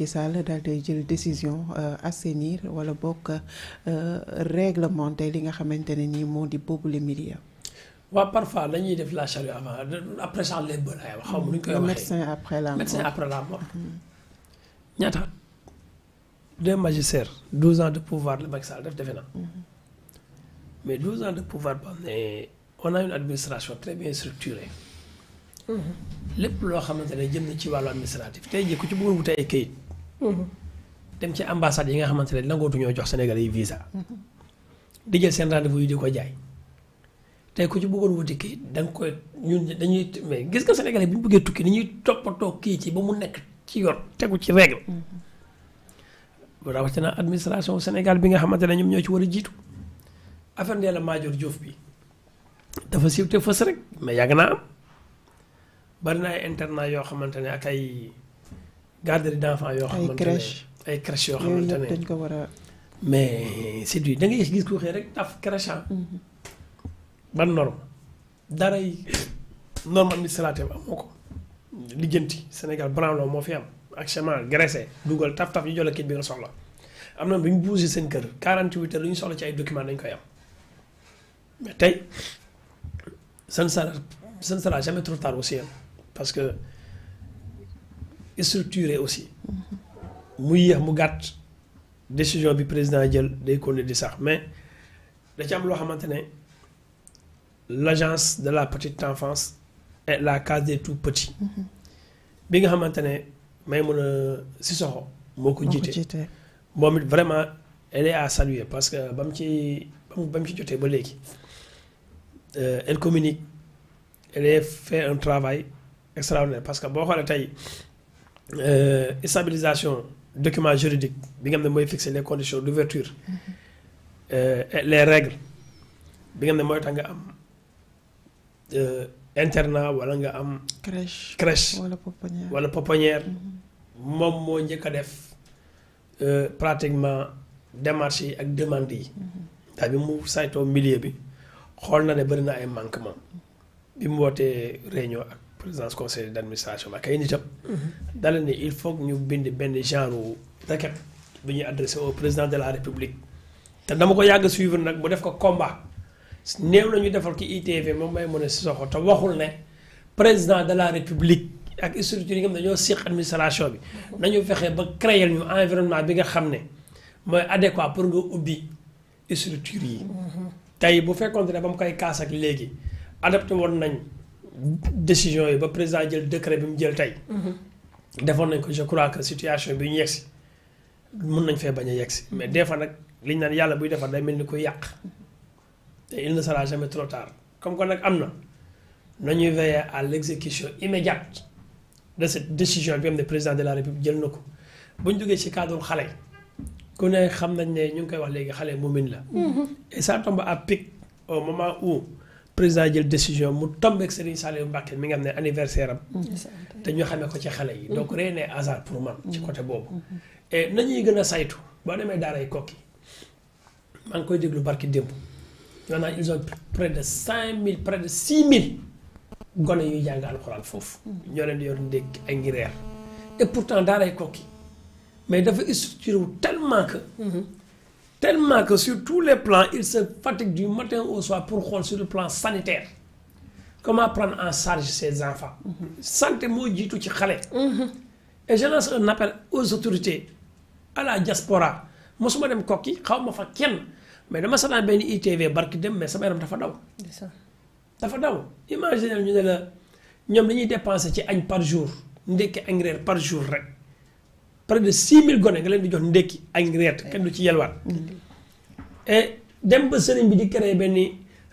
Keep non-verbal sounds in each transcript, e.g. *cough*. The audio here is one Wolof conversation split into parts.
Macky Sall daal day jël décision euh, assainir wala bokk euh, réglementer li nga xamante ne nii moo di boobu le milieu. waaw parfois dañuy def la charrue avant après ça les bœufs laay wax. xaw ma nu ñu koy après la mort médecin la mort. Mm-hmm. ñaata deux douze ans de pouvoir la Macky Sall def defe na. Mm-hmm. mais douze ans de pouvoir boo xam ne on a une mm-hmm. lépp loo xamante ne jëm na ci wàllu administratif tey jii ci bëggoon wutee ay kayit. dem ci ambassade yi nga xamante ne nangootu ñoo jox Sénégal yi visa. di jël seen rendez-vous yi di ko jaay. tey ku ci bëggoon wuti kii da nga koy ñun dañuy mais gis nga sénégalais bu ñu bëggee tukki ni ñuy toppatoo kii ci ba mu nekk ci yor tegu ci règle. rawatina administration Sénégal bi nga xamante ne ñoom ñoo ci war a jiitu. affaire Ndella Madior Diouf bi dafa siiw te fës rek mais yàgg naa am bari na ay internat yoo xamante ne ak ay. garderie d'enfants yoo xamante ne ay crèche yoo xamante ne dañ ko war a mais c'est du da ngay gis ku xëy rek taf crèche ah. mhm. ban norme daray norme administrative amoo ko lijjanti Sénégal branlo moo fi am ak chemin graissé dugal taf taf ñu jola kit bi nga soxla am na bu ñu bougé seen kër 48 heures lu ñu soxla ci ay documents dañ koy am mais tey ça ne sera ça jamais trop tard aussi parce structuré aussi mu yéex mu gàtt décision bi président jël day kon di sax mais da am loo xamante ne l'agence de la petite enfance et la case tout petits bi nga xamante ne may mun a Sissoko moo ko jiite moom it vraiment elle est saluer parce que ba ci ba ci jotee ba léegi euh, elle communique elle fait un travail extraordinaire parce que boo xoolee tey Euh, stabilisation document juridique bi nga xam ne mooy fixe les conditions d'ouverture euh, les règles bi nga xam ne mooy tax nga am euh, internat wala nga am. crèche crèche wala wala pouponnière mm-hmm. moom moo njëkk a def pratiquement démarches yi ak demandes yi. ndax mm-hmm. bi mu saytoo milieu bi xool na ne bëri na ay manquement bi mu wootee réunion ak. présidence conseil d' administration ak ay nitam. dala ni il faut ñu bind benn genre requête bi ñuy adressé au président de la république. te dama ko yàgg suivre nag bu def ko combat néew la ñu defal ki v moom may mën a soxla te waxul ne président de la république ak structure yi nga xam ne ñoo seq administration bi. nañu fexe ba créer ñu environnement bi nga xam ne mooy adéquat pour nga ubbi structure yi. Mm-hmm. tey bu fekkoon ne ba mu koy kaas ak léegi adapté woon nañ décision yi ba président jël décret bi mu jël tey. Mhm. defoon nañ ko je crois que situation bi ñu yegg si mën nañ fee bañ a yegg si mhm. mais des fois nag liñ naan yàlla buy defar day mel ni ko yàq te il ne sera jamais trop tard comme que nag am na nañuy veiller à l' exécution immédiate de cette décision bi am ne président de la république jël na ko bu ñu duggee ci cadre xale ku ne xam nañ ne ñu ngi koy wax léegi xale moomin la. Mhm. et ça tombe à pic au moment où. président jël décision mu tombeek Serigne Saliou Mbacké mi nga xam ne anniversaire am. Mm-hmm. te ñu xamee ko ci xale yi. Mm-hmm. donc rien n'est hasard pour man. ci mm-hmm. côté boobu. nañuy gën a saytu boo demee daaray Koki maa ngi koy déglu barki démb ñoo naan ils ont près de cinq mille près de six mille gone yuy jàng alxuraan foofu. ñoo leen di yor ndékki ay ngi reer et pourtant daaray Koki mais dafa structuré wu tellement tellement que sur tous les plans il se fatigue du matin au soir pour xool sur le plan sanitaire comment prendre en charge ces enfants santé moo jiitu ci xale et je lance un appel aux la diaspora mosuma dem kokki xaw ma fa kenn mais dama sanaan benn ITV barki dem mais sama yaram dafa daw dafa daw imaginer ñu ne la ñoom li ñuy ci añ par jour ndekki añ reer par jour rek près de 6000 gone nga leen di jox ndékki ak reer kenn du ci yelwaat. dem ba sëriñ bi di créé benn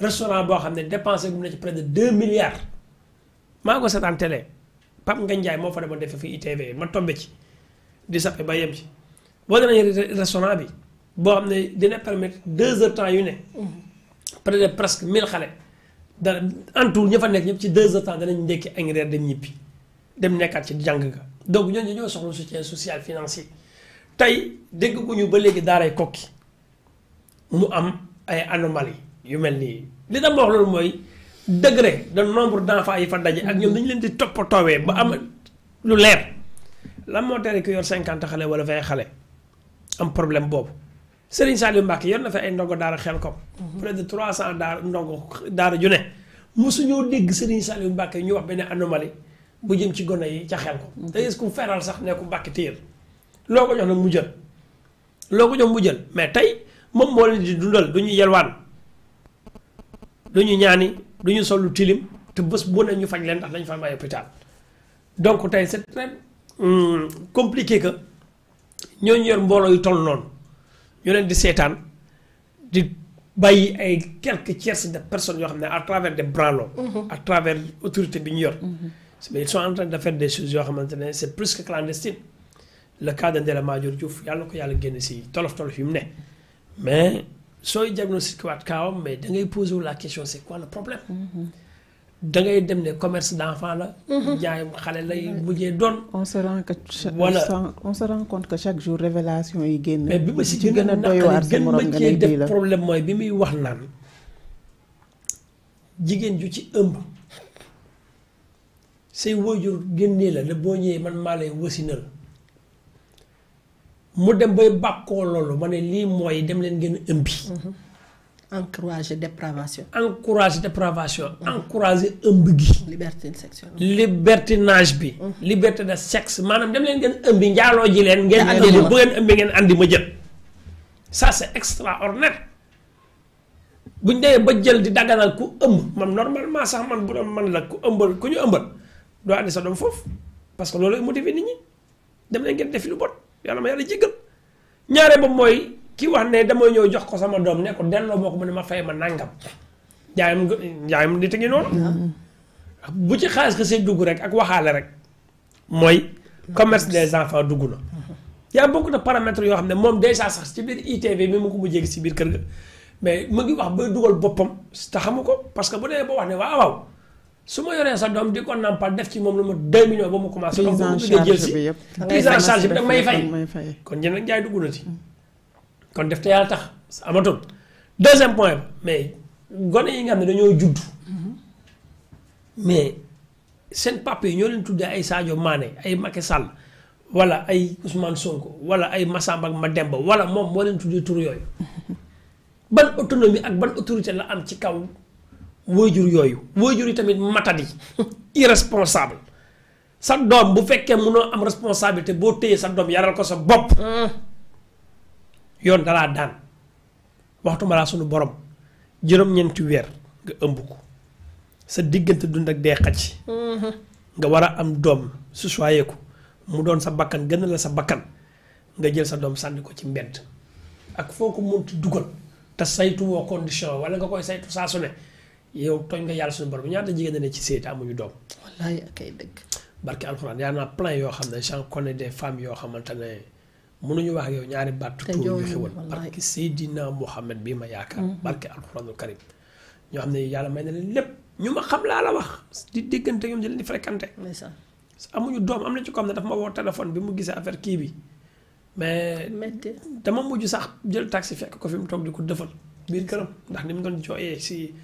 restaurant boo xam ne dépensé gu na ci près de 2 milliards. maa ko seetaan télé Pape Ngagne moo fa demoon defee fi ITV ma tombé ci di sappe ba yem ci boo demee restaurant bi boo xam ne dina permettre deux heures temps yu ne. près de presque mille xale. da en tout ña fa nekk ñëpp ci 2 heures temps danañ ndékki ak reer dem ñibbi dem nekkaat ci jàng nga. donc ñooñu ñoo soxla soutien social financier tey dégg ko ñu ba léegi daaray kokki mu am ay anomalies yu mel nii li dama wax loolu mooy degré de nombre d'enfants yi fa daje ak ñoom dañu leen di topp toppatoowee ba am lu leer la moo tere ku yor cinquante xale wala vingt xale am problème boobu Serigne Saliou Mbacke yor na fa ay ndongo daara xel kom mhm. près de trois cent daar ndongo daara ju ne mosuñoo dégg Serigne Saliou Mbacke ñu wax benn anomalie bu jëm ci gone yi ca xel ko da gis ku feral sax ne ku bàkki téyal loo ko jox nag mu jël loo ko jox mu jël mais tey moom moo leen di dundal du ñu yelwaan du ñu ñaani du ñu sollu tilim te bés bu ne ñu faj leen ndax dañu fa am ay hôpital donc tey c'est très compliqué que yor mbooloo yu toll noonu ñu leen di seetaan di bàyyi ay quelques tierces de personne yoo xam ne à de des branlo mm-hmm. à travers autorité bi ñu yor mm-hmm. mais ils sont en train de faire des choses yoo xamante ne c' est plus que clandestine le cas de Ndella yàlla ko yàlla génn si tolof tolof yu mu ne mais sooy diagnostiqué waat kaawam mais da ngay posé wu la question c' est quoi problème mm-hmm. da ngay dem ne commerce d' enfant la. Mm-hmm. jaayam xale lay mujjee doon. on se rend que on se rend compte que chaque jour révélation yi génn. mais bi ma si gën a doy waar gën ma cee def problème mooy bi muy wax naan jigéen ju ci ëmb. say waajur génnee la ne boo ñëwee man maa lay wasinal mu dem bay bàkkoo loolu ma ne lii mooy dem leen gën a ëmbi mm-hmm. encourager dépravation encourager dépravation mm-hmm. encourager ëmb gi liberté sexuelle libertinage bi mm-hmm. liberté de sexe maanaam dem leen ngeen ëmbi njaaloo ji leen ngeen andi bu ngeen ëmbi ngeen andi ma jël ça c'est extraordinaire buñ demee ba jël di daganal ku ëmb man normalement sax man bu doon man la ku ëmbal ku ñu ëmbal doo àndi sa doom foofu parce que loolu motivé nit ñi dem nañ ngeen def lu bon yàlla ma yàlla jéggal ñaare ba mooy ki wax ne dama ñëw jox ko sama doom ne den delloo moo ko mu ne ma fay ma nangam njaayam njaayam nit a ngi bu ci xaalis ka see dugg rek ak waxaale rek mooy commerce des enfants dugg na yaa beaucoup de paramètres yoo xam ne moom déjà sax ci biir ITV mi mu ko mujjee si biir kër ga mais mu ngi wax ba dugal boppam te xamu ko parce que bu demee ba wax ne waaw su ma yoree sa doom di ko nampal def ci moom lu ma 2 millions ba mu commencé. prise en charge bi yëpp prise en charge bi da may fay kon njënd ak jaay dugg na ci. Mm. kon def te yàlla tax amatul deuxième point mais gone yi nga xam ne dañoo judd. Mm-hmm. mais seen papa yi ñoo leen tuddee ay Sadio Mané ay Macky Sall wala ay Ousmane Sonko wala ay Massamba ak Mademba wala moom moo leen tuddee tur yooyu mm-hmm. ban autonomie ak ban autorité la am ci kaw. waajur yooyu waajur yi tamit matadi *laughs* irresponsable sa doom bu fekkee mënoo am responsabilité boo téyee sa doom yaral ko sa bopp yoon dalaa daan waxtuma laa sunu borom juróom-ñeenti weer nga ëmb ko sa diggante dund ak dee xaj nga war a am doom su mu doon sa bakkan gën la sa bakkan nga jël sa doom sànni ko ci mbedd ak foo ko munti dugal te saytu woo condition wala nga koy saytu saa su ne yow tooñ nga yàlla suñu borom ñaata jigéen ne ci sëy te amuñu doom. wallaay kay dëgg. barke alxuraan yaa naa plein yoo xam ne j'en connais des femmes yoo xamante ne mënuñu wax ak yow ñaari baatu. te jooju xewal barke Seydina Mohamed bii ma yaakaar. Mm-hmm. barke ñoo xam ne yàlla may na leen lépp ñu ma xam laa la wax di déggante ñoom di leen di fréquenté. amuñu doom am na ci ko xam ne dafa ma woo téléphone bi mu gisee affaire kii bi. mais dama mujj sax jël taxi fekk ko fi mu toog di ko defal biir këram ndax ni mu doon jooyee si.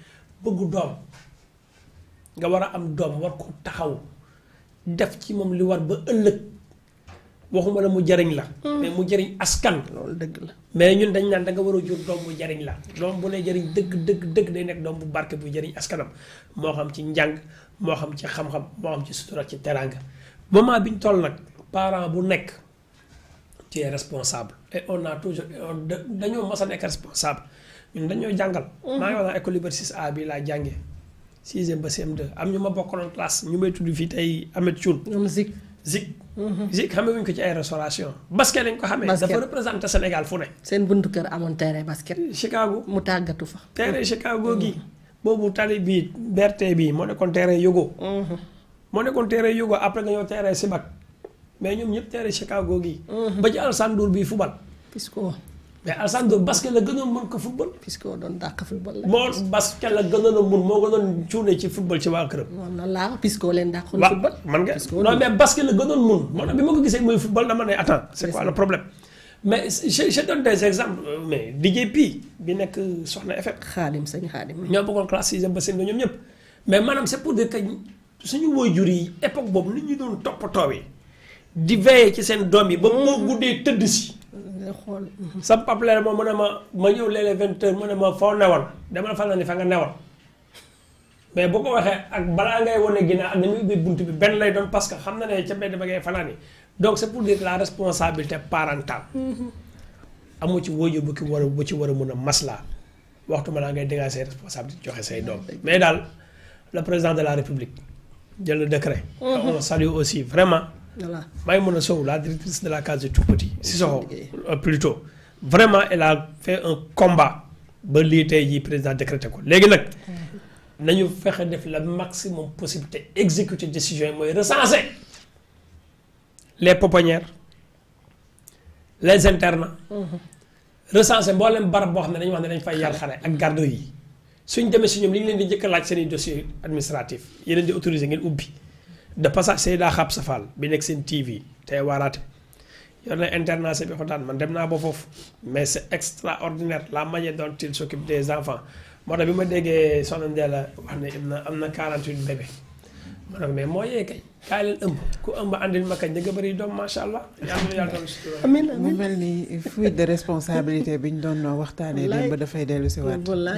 bëggu doom nga war a am doom war ko taxaw def ci moom li war ba ëllëg waxuma la mu jariñ la. Mm. mais mu jariñ askan. loolu dëgg la mais ñun dañ naan da nga war a jur doom mu jariñ la doom bu lay jariñ dëgg dëgg dëgg day nekk doom bu barke bu jariñ askanam moo xam ci njàng moo xam ci xam-xam moo xam ci sutura ci teraanga moment bi ñu toll nag parent bu nekk tu es responsable et on a toujours dañoo mas a nekk responsable. ñun dañoo jàngal. Mhm. maa ngi wax naan école Liberté 6A bi laa jàngee. sixième ba CM2 am ñu ma bokkaloon classe ñu may tudd fii tey Ameth Thioune. ñoom Zik Zik. Mhm. Zik xamee wuñ ko ci ay restauration. basket lañ ko xamee. dafa représenté Sénégal fu ne. seen buntu kër amoon terrain basket. Chicago mu tàggatu fa. terrain mhm. Chicago gi. boobu tali bii berte bii moo nekkoon terrain Yogo. moo nekkoon terrain Yogo après nga ñëw terrain Sibak mais ñoom ñëpp terrain Chicago gi. ba ci Alassane Ndour bii fubal. mais Alassane Ndoye basket la gënoon mën ko football. puisque moo doon dàq football la. moo basket la gënoon a mën moo gënoon cuune ci football ci waa këram. man nga non mais basket la gënoon mën moo tax bi ma ko gisee muy football dama ne attends c'est quoi le problème. mais P euh, bi nekk Soxna FM. xaadim sañ xaadim. c'est boobu li ñu doon toppatoo di veiller ci seen doom yi. ba moo mm. guddee tëdd si. xool. sa pap leer moom mu ne ma ma ñëw léeg-léeg vingt heures ne ma foo newoon dama la fanaan ni fa nga newoon mais bu ko waxee ak balaa ngay wane ginnaaw am na muy ubbi bunt bi benn lay doon parce que xam na ne ca mbedd ba ngay fanaan yi donc c'est pour dire la responsabilité parentale. Mm-hmm. amu ci wóoju bu ki war bu ci war a mun a maslaa waxtu ma laa ngay dégager say responsabilité joxe say doom mais daal le président de la république jël le décret. Mm-hmm. on salue aussi vraiment. voilà Maïmouna Sow la directrice de la case de Toupati Sissoko euh, plutôt vraiment elle la fait un combat ba lii tey jii président décrété ko léegi nag nañu fexe def la maximum possibilité exécuter décision yi mooy recenser les pouponnières na internats. recenser mboolem barab boo xam ne dañu wax ne dañu fay yar xale ak garde yi suñ demee si ñoom li ñu leen di njëkk laaj seen i dossier administratif yi leen di autorisé ngeen ubbi. de passage Seyda Xabsa Fall bi nekk seen TV tey waaraate yor na internat bi xotaan man dem naa ba foofu mais c'est extraordinaire la manière dont il s'occupe des enfants moo tax bi ma déggee soxna Ndella wax ne am na am na 48 bébé ma ne mais moo yee kay kaay leen ëmb ku ëmb andil ma kay njëkk a bëri doom macha allah. amiin mu mel ni fuite de responsabilité bi ñu doon waxtaanee. démb dafay dellu si waat.